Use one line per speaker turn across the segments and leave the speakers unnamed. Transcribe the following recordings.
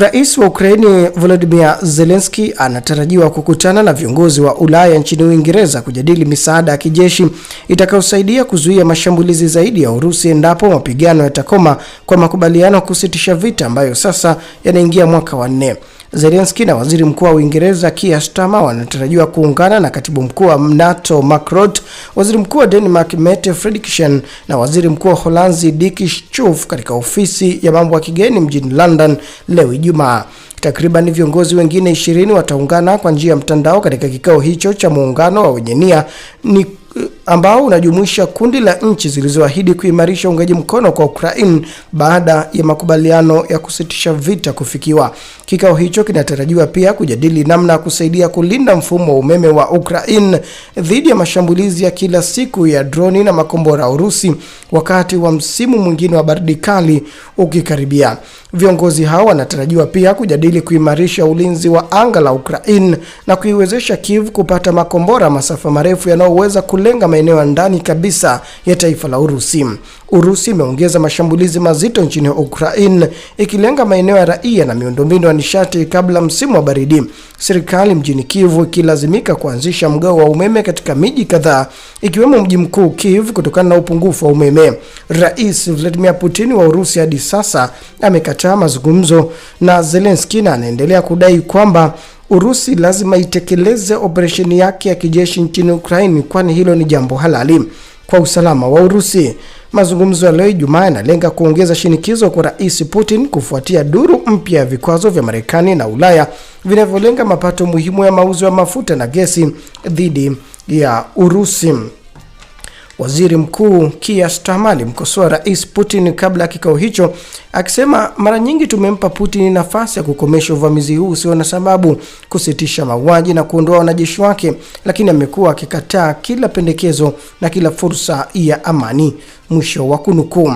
Rais wa Ukraini Volodymyr Zelensky anatarajiwa kukutana na viongozi wa Ulaya nchini Uingereza kujadili misaada ya kijeshi itakayosaidia kuzuia mashambulizi zaidi ya Urusi endapo mapigano yatakoma kwa makubaliano ya kusitisha vita ambayo sasa yanaingia mwaka wa nne. Zelensky na waziri mkuu wa Uingereza Keir Starmer wanatarajiwa kuungana na katibu mkuu wa NATO Mark Rutte, waziri mkuu wa Denmark Mette Frederiksen na waziri mkuu wa Holanzi Dick Schoof katika ofisi ya mambo ya kigeni mjini London leo Ijumaa. Takriban viongozi wengine 20 wataungana kwa njia ya mtandao katika kikao hicho cha muungano wa wenye nia ni ambao unajumuisha kundi la nchi zilizoahidi kuimarisha uungaji mkono kwa Ukraine baada ya makubaliano ya kusitisha vita kufikiwa. Kikao hicho kinatarajiwa pia kujadili namna ya kusaidia kulinda mfumo wa umeme wa Ukraine dhidi ya mashambulizi ya kila siku ya droni na makombora ya Urusi wakati wa msimu mwingine wa baridi kali ukikaribia. Viongozi hao wanatarajiwa pia kujadili kuimarisha ulinzi wa anga la Ukraine na kuiwezesha Kiev kupata makombora masafa marefu yanayoweza kulenga maeneo ya ndani kabisa ya taifa la Urusi. Urusi imeongeza mashambulizi mazito nchini Ukraine ikilenga maeneo ya raia na miundombinu ya nishati kabla msimu wa baridi. Serikali mjini Kiev ikilazimika kuanzisha mgao wa umeme katika miji kadhaa ikiwemo mji mkuu Kiev kutokana na upungufu wa umeme. Rais Vladimir Putin wa Urusi hadi sasa amekataa mazungumzo na Zelensky na anaendelea kudai kwamba Urusi lazima itekeleze operesheni yake ya kijeshi nchini Ukraini, kwani hilo ni jambo halali kwa usalama wa Urusi. Mazungumzo ya leo Ijumaa yanalenga kuongeza shinikizo kwa Rais Putin kufuatia duru mpya ya vikwazo vya Marekani na Ulaya vinavyolenga mapato muhimu ya mauzo ya mafuta na gesi dhidi ya Urusi. Waziri Mkuu Kia Starmer alimkosoa Rais Putin kabla ya kikao hicho, akisema mara nyingi tumempa Putin nafasi ya kukomesha uvamizi huu usio na sababu, kusitisha mauaji na kuondoa wanajeshi wake, lakini amekuwa akikataa kila pendekezo na kila fursa ya amani. Mwisho wa kunukuu.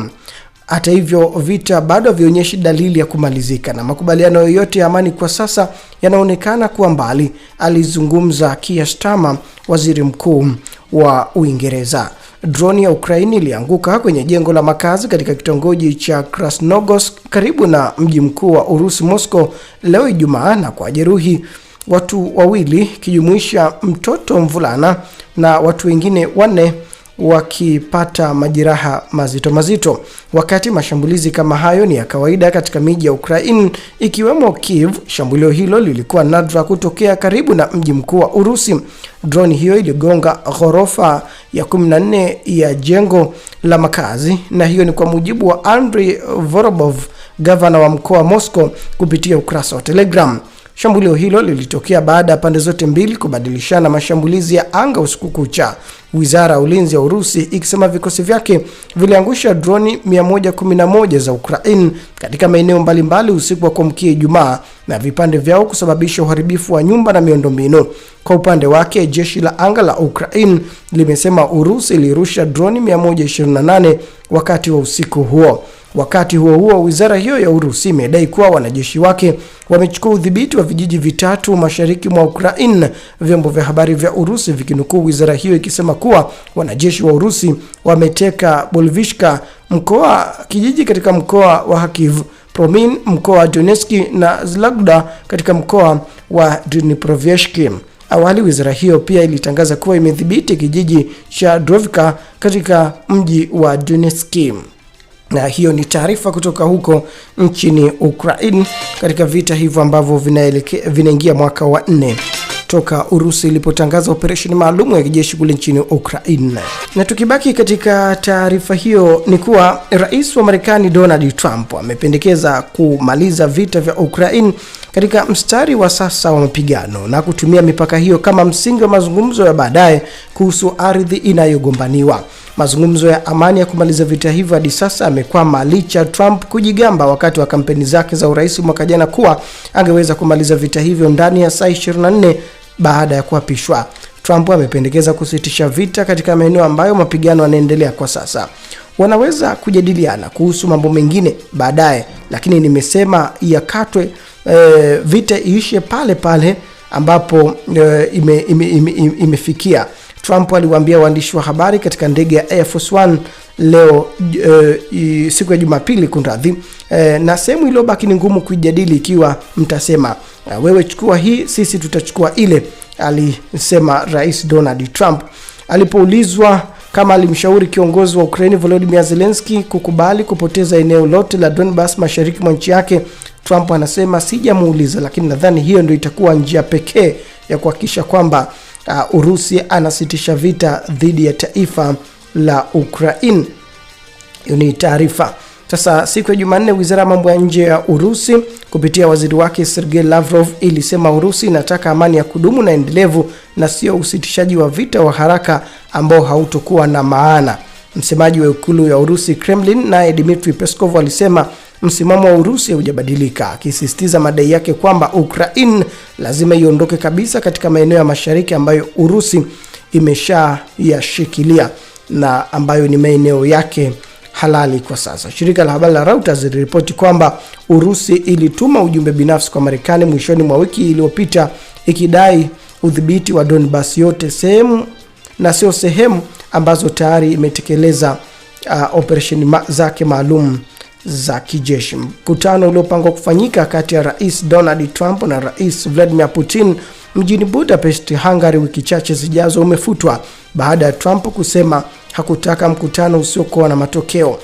Hata hivyo vita bado havionyeshi dalili ya kumalizika na makubaliano yoyote ya amani kwa sasa yanaonekana kuwa mbali, alizungumza Kia Starmer, waziri mkuu wa Uingereza droni ya Ukraini ilianguka kwenye jengo la makazi katika kitongoji cha Krasnogorsk karibu na mji mkuu wa Urusi Moscow leo Ijumaa na kuwajeruhi watu wawili kijumuisha mtoto mvulana na watu wengine wanne wakipata majeraha mazito mazito. Wakati mashambulizi kama hayo ni ya kawaida katika miji ya Ukraine ikiwemo Kiev, shambulio hilo lilikuwa nadra kutokea karibu na mji mkuu wa Urusi. Droni hiyo iligonga ghorofa ya 14 ya jengo la makazi, na hiyo ni kwa mujibu wa Andrei Vorobov, gavana wa mkoa wa Moscow, kupitia ukurasa wa Telegram. Shambulio hilo lilitokea baada ya pande zote mbili kubadilishana mashambulizi ya anga usiku kucha, wizara ya ulinzi ya Urusi ikisema vikosi vyake viliangusha droni 111 za Ukraine katika maeneo mbalimbali usiku wa kuamkia Ijumaa na vipande vyao kusababisha uharibifu wa nyumba na miundombinu. Kwa upande wake, jeshi la anga la Ukraine limesema Urusi ilirusha droni 128 wakati wa usiku huo. Wakati huo huo, wizara hiyo ya Urusi imedai kuwa wanajeshi wake wamechukua udhibiti wa vijiji vitatu mashariki mwa Ukraine, vyombo vya habari vya Urusi vikinukuu wizara hiyo ikisema kuwa wanajeshi wa Urusi wameteka Bolvishka, mkoa kijiji katika mkoa wa Kharkiv, Promin mkoa wa Donetsk na Zlagda katika mkoa wa Dniproveshki. Awali wizara hiyo pia ilitangaza kuwa imedhibiti kijiji cha Drovka katika mji wa Donetsk na hiyo ni taarifa kutoka huko nchini Ukraine katika vita hivyo ambavyo vinaingia mwaka wa nne toka Urusi ilipotangaza operesheni maalum ya kijeshi kule nchini Ukraine. Na tukibaki katika taarifa hiyo, ni kuwa rais wa Marekani Donald Trump amependekeza kumaliza vita vya Ukraine katika mstari wa sasa wa mapigano na kutumia mipaka hiyo kama msingi wa mazungumzo ya baadaye kuhusu ardhi inayogombaniwa. Mazungumzo ya amani ya kumaliza vita hivyo hadi sasa amekwama licha Trump kujigamba wakati wa kampeni zake za urais mwaka jana kuwa angeweza kumaliza vita hivyo ndani ya saa 24 baada ya kuapishwa. Trump amependekeza kusitisha vita katika maeneo ambayo mapigano yanaendelea kwa sasa. Wanaweza kujadiliana kuhusu mambo mengine baadaye, lakini nimesema yakatwe, e, vita iishe pale pale ambapo e, ime, ime, ime, imefikia. Trump aliwaambia waandishi wa habari katika ndege ya Air Force One leo uh, siku ya Jumapili kunradhi, Uh, na sehemu iliyobaki ni ngumu kuijadili ikiwa mtasema ah, wewe chukua hii, sisi tutachukua ile, alisema Rais Donald Trump alipoulizwa kama alimshauri kiongozi wa Ukraini Volodymyr Zelensky kukubali kupoteza eneo lote la Donbas mashariki mwa nchi yake. Trump anasema sijamuuliza, lakini nadhani hiyo ndio itakuwa njia pekee ya kuhakikisha kwamba uh, Urusi anasitisha vita dhidi ya taifa la Ukraine. Hiyo ni taarifa. Sasa siku ya Jumanne, wizara ya mambo ya nje ya Urusi kupitia waziri wake Sergei Lavrov ilisema Urusi inataka amani ya kudumu na endelevu na sio usitishaji wa vita wa haraka ambao hautokuwa na maana. Msemaji wa ikulu ya Urusi Kremlin naye Dmitry Peskov alisema msimamo wa Urusi haujabadilika, akisisitiza madai yake kwamba Ukraine lazima iondoke kabisa katika maeneo ya mashariki ambayo Urusi imeshayashikilia na ambayo ni maeneo yake halali kwa sasa. Shirika la habari la Reuters liliripoti kwamba Urusi ilituma ujumbe binafsi kwa Marekani mwishoni mwa wiki iliyopita ikidai udhibiti wa Donbas yote sehemu na sio sehemu ambazo tayari imetekeleza uh, operesheni ma zake maalum za kijeshi. Mkutano uliopangwa kufanyika kati ya Rais Donald Trump na Rais Vladimir Putin mjini Budapest, Hungary, wiki chache zijazo umefutwa baada ya Trump kusema hakutaka mkutano usiokuwa na matokeo.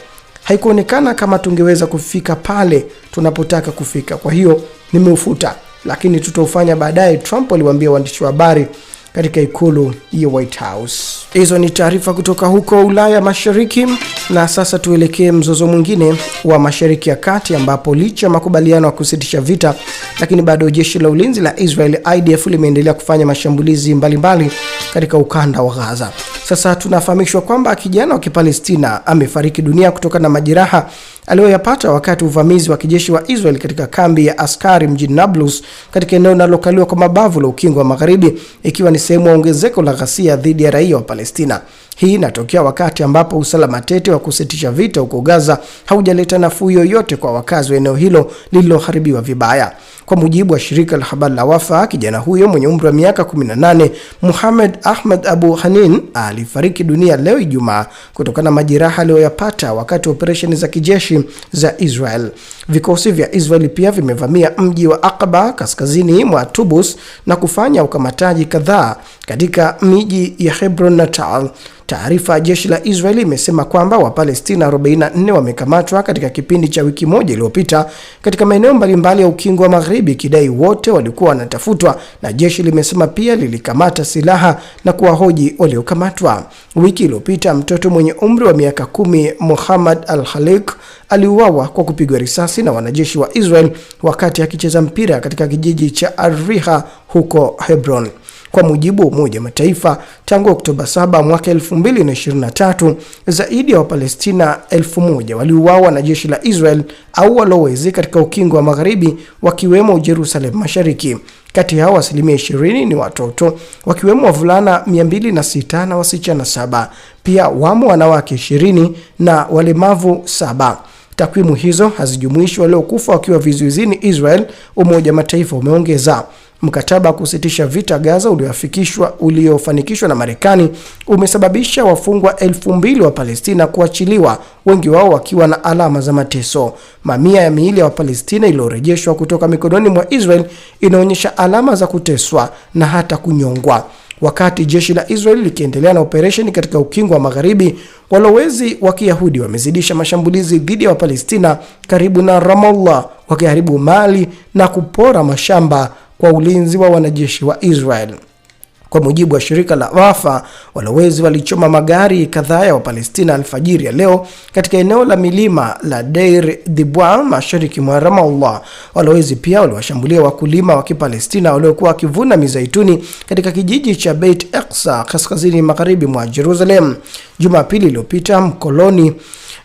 Haikuonekana kama tungeweza kufika pale tunapotaka kufika, kwa hiyo nimeufuta, lakini tutaufanya baadaye, Trump aliwaambia waandishi wa habari katika ikulu ya White House. Hizo ni taarifa kutoka huko Ulaya Mashariki, na sasa tuelekee mzozo mwingine wa Mashariki ya Kati, ambapo licha ya makubaliano ya kusitisha vita, lakini bado jeshi la ulinzi la Israel IDF limeendelea kufanya mashambulizi mbalimbali mbali katika ukanda wa Gaza. Sasa tunafahamishwa kwamba kijana wa Kipalestina amefariki dunia kutokana na majeraha aliyoyapata wakati uvamizi wa kijeshi wa Israel katika kambi ya askari mjini Nablus katika eneo linalokaliwa kwa mabavu la Ukingo wa Magharibi, ikiwa ni sehemu ya ongezeko la ghasia dhidi ya raia wa Palestina. Hii inatokea wakati ambapo usalama tete wa kusitisha vita huko Gaza haujaleta nafuu yoyote kwa wakazi wa eneo hilo lililoharibiwa vibaya. Kwa mujibu wa shirika la habari la Wafa, kijana huyo mwenye umri wa miaka 18 Muhamed Ahmed Abu Hanin alifariki dunia leo Ijumaa kutokana na majeraha aliyoyapata wakati wa operesheni za kijeshi za Israel. Vikosi vya Israel pia vimevamia mji wa Aqaba kaskazini mwa Tubus na kufanya ukamataji kadhaa katika miji ya Hebron na Tal. Taarifa ya jeshi la Israeli imesema kwamba Wapalestina 44 wamekamatwa katika kipindi cha wiki moja iliyopita katika maeneo mbalimbali ya ukingo wa Magharibi, ikidai wote walikuwa wanatafutwa, na jeshi limesema pia lilikamata silaha na kuwahoji waliokamatwa. Wiki iliyopita mtoto mwenye umri wa miaka kumi Muhammad al halik aliuawa kwa kupigwa risasi na wanajeshi wa Israel wakati akicheza mpira katika kijiji cha arriha huko Hebron. Kwa mujibu wa Umoja Mataifa, tangu Oktoba 7 mwaka 2023 zaidi ya Wapalestina elfu waliuawa na jeshi la Israel au walowezi katika ukingo wa magharibi wakiwemo Jerusalem Mashariki. Kati yao asilimia 20 ni watoto wakiwemo wavulana 206 na wasichana saba. Pia wamo wanawake 20 na walemavu saba. Takwimu hizo hazijumuishi waliokufa wakiwa vizuizini Israel, Umoja Mataifa umeongeza. Mkataba wa kusitisha vita Gaza uliofikishwa uliofanikishwa na Marekani umesababisha wafungwa elfu mbili wa Palestina kuachiliwa, wengi wao wakiwa na alama za mateso. Mamia ya miili ya Wapalestina iliyorejeshwa kutoka mikononi mwa Israel inaonyesha alama za kuteswa na hata kunyongwa. Wakati jeshi la Israel likiendelea na operesheni katika ukingo wa Magharibi, walowezi wa Kiyahudi wamezidisha mashambulizi dhidi ya Wapalestina karibu na Ramallah, wakiharibu mali na kupora mashamba kwa ulinzi wa wanajeshi wa Israel. Kwa mujibu wa shirika la Wafa, walowezi walichoma magari kadhaa ya Wapalestina alfajiri ya leo katika eneo la milima la Deir Dibwa mashariki mwa Ramallah. Walowezi pia waliwashambulia wakulima wa Kipalestina waliokuwa wakivuna mizeituni katika kijiji cha Beit Aqsa kaskazini magharibi mwa Jerusalem. Jumapili iliyopita mkoloni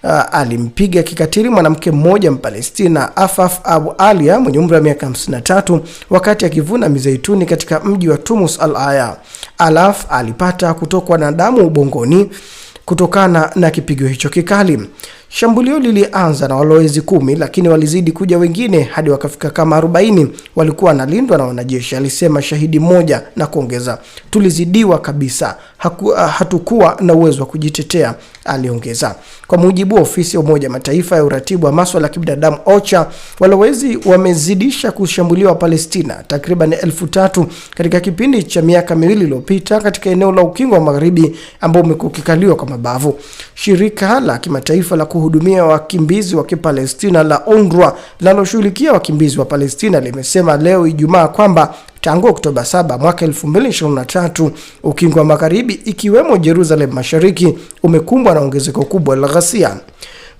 uh, alimpiga kikatili mwanamke mmoja Mpalestina Afaf Abu Alia mwenye umri wa miaka 53 wakati akivuna mizeituni katika mji wa Tumus Al Aya. Alaf alipata kutokwa na damu ubongoni kutokana na kipigo hicho kikali. Shambulio lilianza na walowezi kumi, lakini walizidi kuja wengine hadi wakafika kama 40. Walikuwa wanalindwa na wanajeshi, alisema shahidi mmoja na kuongeza, tulizidiwa kabisa haku, ah, hatukuwa na uwezo wa kujitetea, aliongeza. Kwa mujibu wa ofisi ya Umoja Mataifa ya uratibu wa maswala ya kibinadamu OCHA, walowezi wamezidisha kushambuliwa wa Palestina takriban elfu tatu katika kipindi cha miaka miwili iliyopita katika eneo la ukingo wa magharibi ambao umekuwa ukikaliwa kwa mabavu. Shirika la kimataifa la kuhudumia wakimbizi wa Kipalestina la UNRWA linaloshughulikia wakimbizi wa Palestina limesema leo Ijumaa kwamba tangu Oktoba 7 mwaka 2023. Ukingo wa Magharibi ikiwemo Jerusalem Mashariki umekumbwa na ongezeko kubwa la ghasia.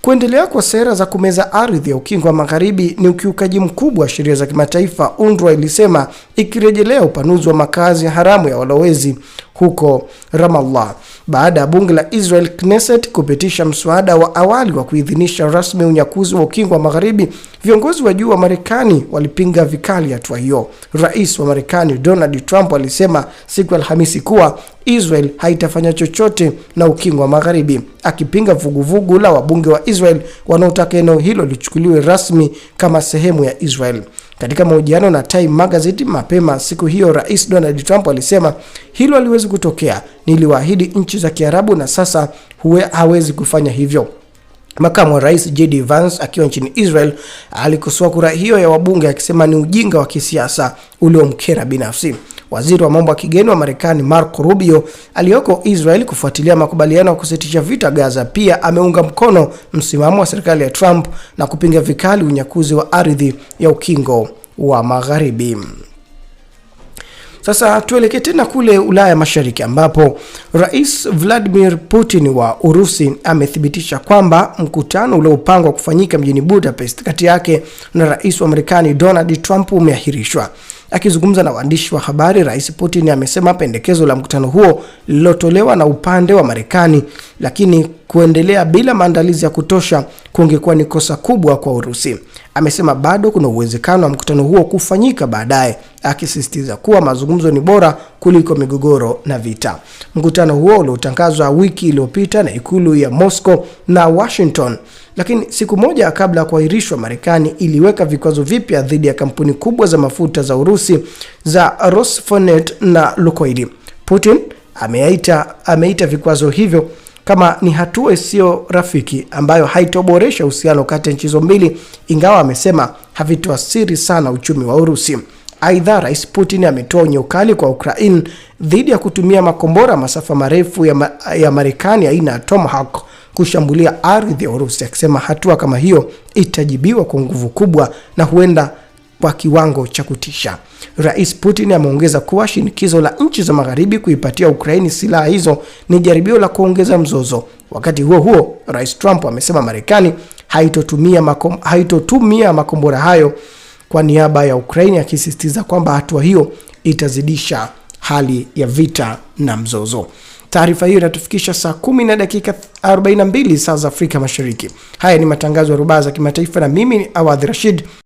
Kuendelea kwa sera za kumeza ardhi ya ukingo wa magharibi ni ukiukaji mkubwa wa sheria za kimataifa, UNRWA ilisema, ikirejelea upanuzi wa makazi haramu ya walowezi huko Ramallah baada ya bunge la Israel Knesset kupitisha mswada wa awali wa kuidhinisha rasmi unyakuzi wa ukingo wa magharibi, viongozi wa juu wa Marekani walipinga vikali hatua hiyo. Rais wa Marekani Donald Trump alisema siku ya Alhamisi kuwa Israel haitafanya chochote na ukingo wa magharibi, akipinga vuguvugu la wabunge wa Israel wanaotaka eneo hilo lichukuliwe rasmi kama sehemu ya Israel. Katika mahojiano na Time Magazine mapema siku hiyo, Rais Donald Trump alisema hilo haliwezi kutokea, niliwaahidi nchi za Kiarabu na sasa huwe hawezi kufanya hivyo. Makamu wa Rais JD Vance akiwa nchini Israel alikosoa kura hiyo ya wabunge akisema ni ujinga wa kisiasa uliomkera binafsi waziri wa mambo ya kigeni wa Marekani Marco Rubio aliyoko Israel kufuatilia makubaliano ya kusitisha vita Gaza. Pia ameunga mkono msimamo wa serikali ya Trump na kupinga vikali unyakuzi wa ardhi ya ukingo wa Magharibi. Sasa tuelekee tena kule Ulaya Mashariki ambapo Rais Vladimir Putin wa Urusi amethibitisha kwamba mkutano uliopangwa kufanyika mjini Budapest kati yake na Rais wa Marekani Donald Trump umeahirishwa. Akizungumza na waandishi wa habari, Rais Putin amesema pendekezo la mkutano huo lililotolewa na upande wa Marekani, lakini kuendelea bila maandalizi ya kutosha kungekuwa ni kosa kubwa kwa Urusi. Amesema bado kuna uwezekano wa mkutano huo kufanyika baadaye, akisisitiza kuwa mazungumzo ni bora kuliko migogoro na vita. Mkutano huo uliotangazwa wiki iliyopita na ikulu ya Moscow na Washington, lakini siku moja kabla ya kuahirishwa, Marekani iliweka vikwazo vipya dhidi ya kampuni kubwa za mafuta za Urusi za Rosneft na Lukoil. Putin ameita ameita vikwazo hivyo kama ni hatua isiyo rafiki ambayo haitoboresha uhusiano kati ya nchi hizo mbili, ingawa amesema havitoasiri sana uchumi wa Urusi. Aidha, Rais Putin ametoa onyo kali kwa Ukraine dhidi ya kutumia makombora masafa marefu ya, ma ya Marekani aina ya Tomahawk kushambulia ardhi ya Urusi, akisema hatua kama hiyo itajibiwa kwa nguvu kubwa na huenda kwa kiwango cha kutisha. Rais Putin ameongeza kuwa shinikizo la nchi za magharibi kuipatia Ukraini silaha hizo ni jaribio la kuongeza mzozo. Wakati huo huo, Rais Trump amesema Marekani haitotumia makom, haitotumia makombora hayo kwa niaba ya Ukraini, akisisitiza kwamba hatua hiyo itazidisha hali ya vita na mzozo. Taarifa hiyo inatufikisha saa kumi na dakika 42 saa za Afrika Mashariki. Haya ni matangazo ya rubaa za kimataifa, na mimi ni Awadhi Rashid.